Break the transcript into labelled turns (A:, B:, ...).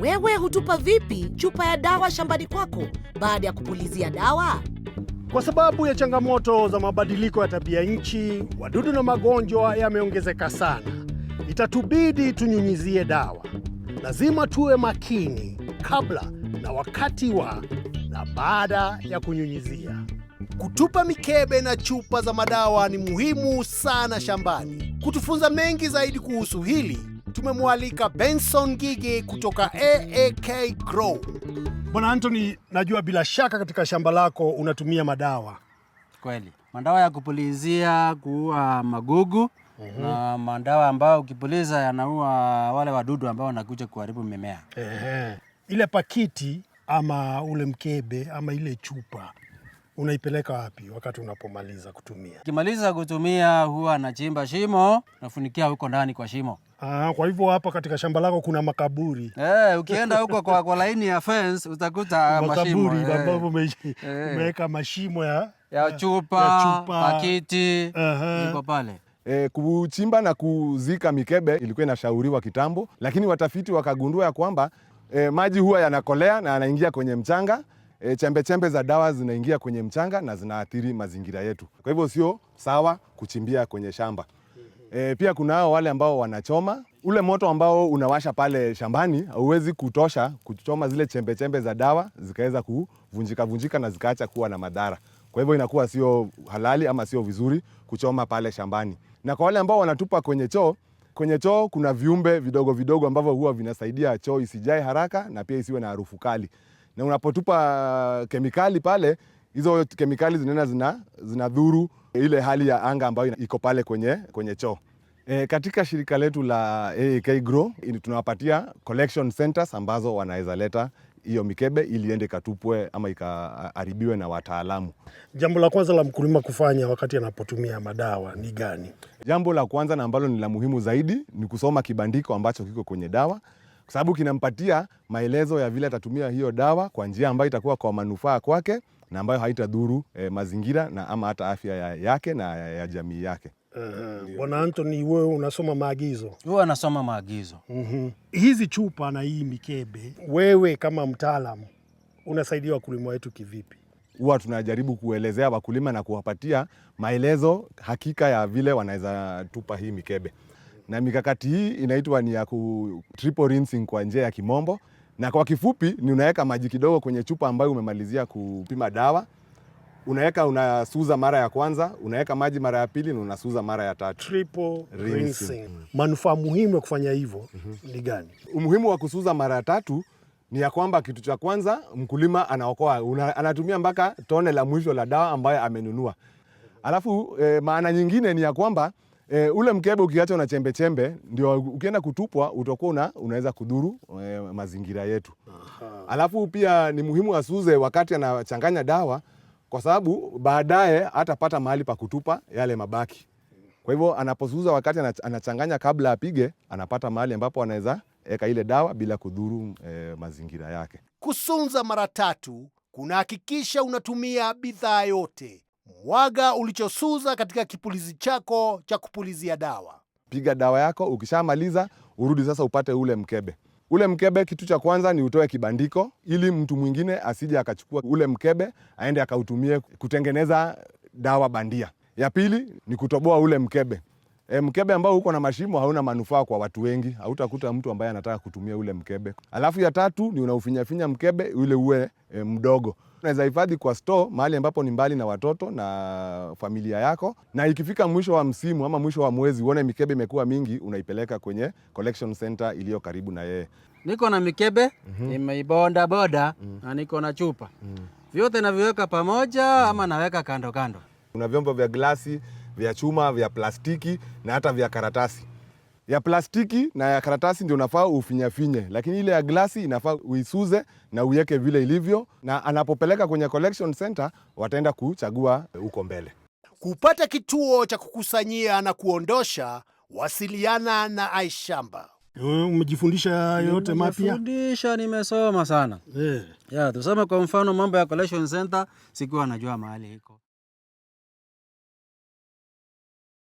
A: Wewe hutupa vipi chupa ya dawa shambani kwako baada ya kupulizia dawa?
B: Kwa sababu ya changamoto za mabadiliko ya tabia nchi, wadudu na magonjwa yameongezeka sana. Itatubidi tunyunyizie dawa. Lazima tuwe makini kabla na wakati wa na baada ya kunyunyizia.
C: Kutupa mikebe na chupa za madawa ni muhimu sana shambani. Kutufunza mengi zaidi kuhusu hili tumemwalika Benson Gigi kutoka AAK Grow.
D: Bwana Anthony, najua bila shaka katika shamba lako unatumia madawa.
E: Kweli, madawa ya kupulizia kuua magugu Uhum. na madawa ambayo ukipuliza yanaua wale wadudu ambao wanakuja kuharibu mimea.
D: Ehe. Ile pakiti ama ule mkebe ama ile chupa unaipeleka wapi wakati unapomaliza kutumia?
E: Kimaliza kutumia huwa anachimba shimo, nafunikia huko ndani kwa shimo.
D: Aha, kwa hivyo hapa katika shamba lako kuna makaburi.
E: Eh, ukienda huko kwa, kwa laini ya fence utakuta mashimo
D: eh. ambapo eh. umeweka mashimo ya
E: ya chupa, ya chupa, pakiti ziko pale.
F: E, kuchimba na kuzika mikebe ilikuwa inashauriwa kitambo, lakini watafiti wakagundua ya kwamba e, maji huwa yanakolea na yanaingia kwenye mchanga e, chembe chembe za dawa zinaingia kwenye mchanga na zinaathiri mazingira yetu. Kwa hivyo sio sawa kuchimbia kwenye shamba. E, pia kunao wale ambao wanachoma. Ule moto ambao unawasha pale shambani hauwezi kutosha kuchoma zile chembe chembe za dawa zikaweza kuvunjika vunjika na zikaacha kuwa na madhara. Kwa hivyo inakuwa sio halali ama sio vizuri kuchoma pale shambani. Na kwa wale ambao wanatupa kwenye choo, kwenye choo kuna viumbe vidogo vidogo ambavyo huwa vinasaidia choo isijae haraka na pia isiwe na harufu kali na unapotupa kemikali pale, hizo kemikali zinaenda zina zinadhuru ile hali ya anga ambayo iko pale kwenye, kwenye choo. E, katika shirika letu la AAK Grow tunawapatia collection centers ambazo wanaweza leta hiyo mikebe ili ende ikatupwe ama ikaharibiwe na wataalamu.
D: Jambo la kwanza la mkulima kufanya wakati anapotumia madawa ni gani?
F: Jambo la kwanza na ambalo ni la muhimu zaidi ni kusoma kibandiko ambacho kiko kwenye dawa kwa sababu kinampatia maelezo ya vile atatumia hiyo dawa kwa njia ambayo itakuwa kwa manufaa kwake na ambayo haitadhuru e, mazingira na ama hata afya ya yake na ya, ya jamii yake.
D: Bwana uh, Anthony, wewe unasoma maagizo,
E: wewe anasoma maagizo
D: mm -hmm. Hizi chupa na hii mikebe, wewe kama mtaalamu unasaidia wakulima wetu kivipi?
F: Huwa tunajaribu kuelezea wakulima na kuwapatia maelezo hakika ya vile wanaweza tupa hii mikebe na mikakati hii inaitwa ni ya ku triple rinsing kwa njia ya kimombo, na kwa kifupi ni unaweka maji kidogo kwenye chupa ambayo umemalizia kupima dawa, unaweka unasuza mara ya kwanza, unaweka maji mara ya pili na unasuza mara ya tatu.
D: Triple rinsing. Manufaa muhimu ya kufanya hivyo mm -hmm. ni gani?
F: Umuhimu wa kusuza mara ya tatu ni ya kwamba kitu cha kwanza mkulima anaokoa una, anatumia mpaka tone la mwisho la dawa ambayo amenunua. Alafu e, maana nyingine ni ya kwamba E, ule mkebe ukiacha na chembe chembe ndio ukienda kutupwa utakuwa una, unaweza kudhuru e, mazingira yetu. Aha. Alafu pia ni muhimu asuze wakati anachanganya dawa kwa sababu baadaye hatapata mahali pa kutupa yale mabaki. Kwa hivyo anaposuza wakati anachanganya kabla apige, anapata mahali ambapo anaweza eka ile dawa bila kudhuru e, mazingira yake.
C: Kusunza mara tatu kunahakikisha unatumia bidhaa yote mwaga ulichosuza katika kipulizi chako cha kupulizia dawa.
F: Piga dawa yako, ukishamaliza urudi sasa upate ule mkebe. Ule mkebe, kitu cha kwanza ni utoe kibandiko, ili mtu mwingine asije akachukua ule mkebe aende akautumie kutengeneza dawa bandia. Ya pili ni kutoboa ule mkebe. E, mkebe ambao uko na mashimo hauna manufaa kwa watu wengi, hautakuta mtu ambaye anataka kutumia ule mkebe. Alafu ya tatu ni unaufinyafinya mkebe ule uwe e, mdogo Unaweza hifadhi kwa store mahali ambapo ni mbali na watoto na familia yako, na ikifika mwisho wa msimu ama mwisho wa mwezi uone mikebe imekuwa mingi, unaipeleka kwenye collection center iliyo karibu na yeye.
E: Niko na mikebe mm -hmm. imeibonda boda mm -hmm. na niko na chupa mm -hmm. vyote naviweka pamoja mm -hmm. ama naweka kando kando.
F: Kuna vyombo vya glasi, vya chuma, vya plastiki na hata vya karatasi ya plastiki na ya karatasi ndio unafaa ufinyafinye, lakini ile ya glasi inafaa uisuze na uweke vile ilivyo, na anapopeleka kwenye collection center wataenda kuchagua huko mbele.
C: Kupata kituo cha kukusanyia na kuondosha, wasiliana na Aishamba.
D: Umejifundisha yote mapya?
E: Nimefundisha, nimesoma sana yeah. Yeah, tuseme kwa mfano mambo ya collection center sikuwa najua mahali iko